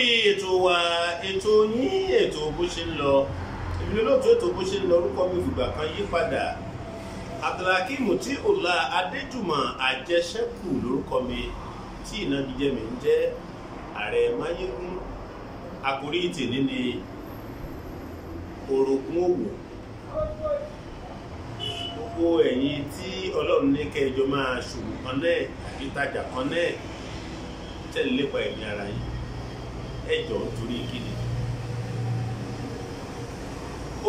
lórí ètò wa ètò yín ètò bó ṣe ń lọ ìbílẹ̀ lóòótọ́ ètò bó ṣe ń lọ orúkọ mi fìgbà kan yí padà abdulhakeem tí ọlá adéjùmọ̀ àjẹṣẹ́kù lórúkọ mi tí ìnagijẹ mi ń jẹ́ ààrẹ máyégún àkórí tèmi ni orogún òwò gbogbo ẹ̀yin tí ọlọ́run ní kẹjọ máa ṣòwò kan náà àbí tajà kan náà tẹ̀lé lépa ẹ̀mí ara yìí ẹjọ nítorí kíni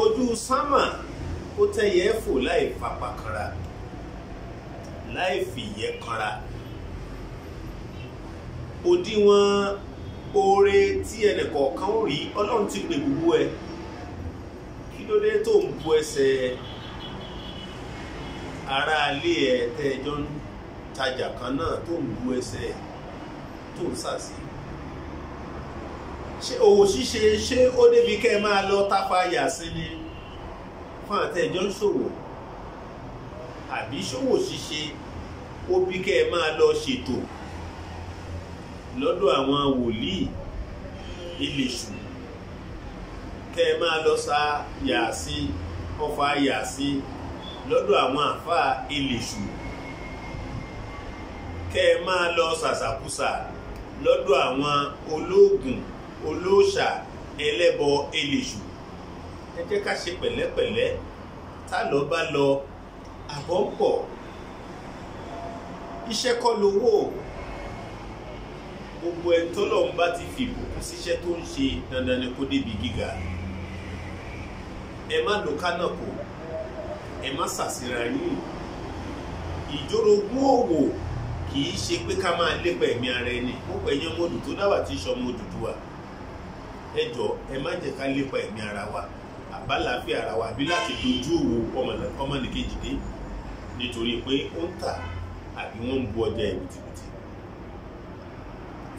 ojú sámà ó tẹyẹ fò láì fapá kanra láì fìyẹ kanra òdiwọ̀n oore tí ẹnìkọ̀ọ̀kan rí ọlọ́run ti pè gbogbo ẹ kí ló dé tó ń bu ẹsẹ̀ ará ilé ẹ tẹ́jọ́ ń tajà kan náà tó ń bu ẹsẹ̀ tó ń sàṣeyọ ṣé òwò ṣíṣe ṣé ó débi kẹ́ ẹ máa lọ táfàyà sí ni fún àtẹ̀jọ́ ń ṣòwò àbí ṣòwò ṣíṣe ó bí kẹ́ ẹ máa lọ ṣètò lọ́dọ̀ àwọn wòlíì ìlèṣù kẹ́ ẹ máa lọ sa yàásí ọfà yàásí lọ́dọ̀ àwọn àfáà ìlèṣù kẹ́ ẹ máa lọ sàṣàkúsà lọ́dọ̀ àwọn olóògùn olóòṣà ẹlẹ́bọ eléṣù ẹ jẹ́ ká ṣe pẹ̀lẹ́pẹ̀lẹ́ tá lọ bá lọ àbọ̀ ń bọ̀ iṣẹ́ kọ́ lówó gbogbo ẹ tọ́lọ́run bá ti fi ìbùkún síṣẹ́ tó ń ṣe dandan ni kó débi gíga ẹ má lo kánàkò ẹ má ṣàṣìra yín ìjórogún òwò kì í ṣe pé ká máa lépa ẹ̀mí ara ẹni ó pẹ̀yẹ́ mọ́dù tó dáwà tí í ṣọmọ Odùduwà ẹ ẹ má jẹ́ ká lépa ẹ̀mí ara wa àbálàáfíà ara wa àbí láti dojú òwò kọ́mọnìkejì dé nítorí pé ó ń tà àbí wọ́n ń bu ọjà ìbìtìbìtì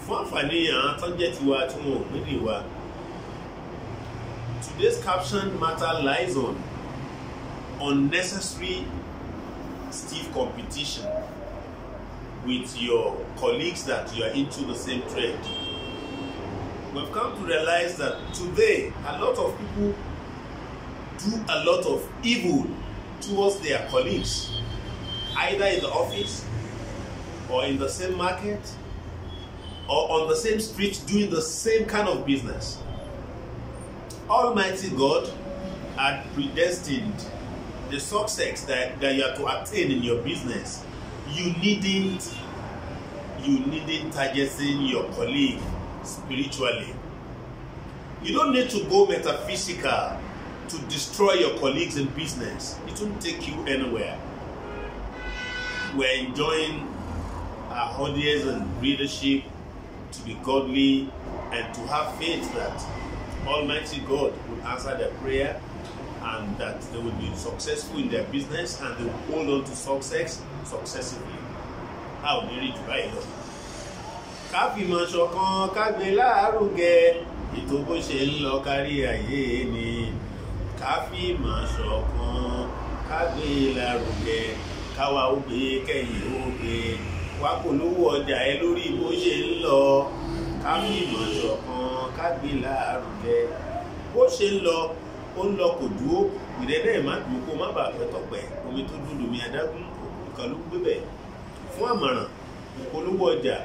fún àǹfààní àwọn tó tiwa tí wọn ò pín ní wa today's caption matter lies on unnecessary stiff competition with your colleagues that you are into the same trade. we've come to realize that today a lot of people do a lot of evil towards their colleagues, either in the office or in the same market or on the same street doing the same kind of business. Almighty God had predestined the success that, that you are to attain in your business. You needn't you needn't targeting your colleague spiritually. You don't need to go metaphysical to destroy your colleagues in business. It won't take you anywhere. We're enjoying our audience and readership to be godly and to have faith that Almighty God will answer their prayer and that they will be successful in their business and they will hold on to success successively. How do you it by káfìmọ̀ ṣọ̀kan kágbé láàrúgẹ ètò bó ṣe ń lọ kárí ayé ni káfìmọ̀ ṣọ̀kan kágbé láàrúgẹ káwa ó gbé kẹ́yìn ó gbé wá polówó ọjà ẹ lórí bó ṣe ń lọ káfìmọ̀ ṣọ̀kan kágbé láàrúgẹ bó ṣe ń lọ ó ń lọ kò dúró ìrẹ́lẹ̀ má dùn kó má bàa pẹ́ tọ̀pẹ́ omi tó dúdú mi adágún kan ló gbé bẹ̀ fún àmọ̀ràn ìpolówó ọjà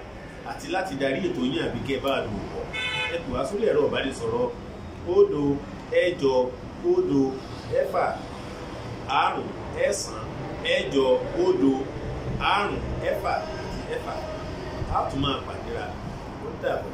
àti láti darí ètò yín àbí kẹ́ bá a lò wọ̀ ẹ pè wá sórí ẹ̀rọ ìbánisọ̀rọ̀ òdo ẹ̀jọ òdo ẹ̀fà àrùn ẹ̀sán ẹ̀jọ òdo àrùn ẹ̀fà àti ẹ̀fà a tún máa pàdéra ó dàbọ̀.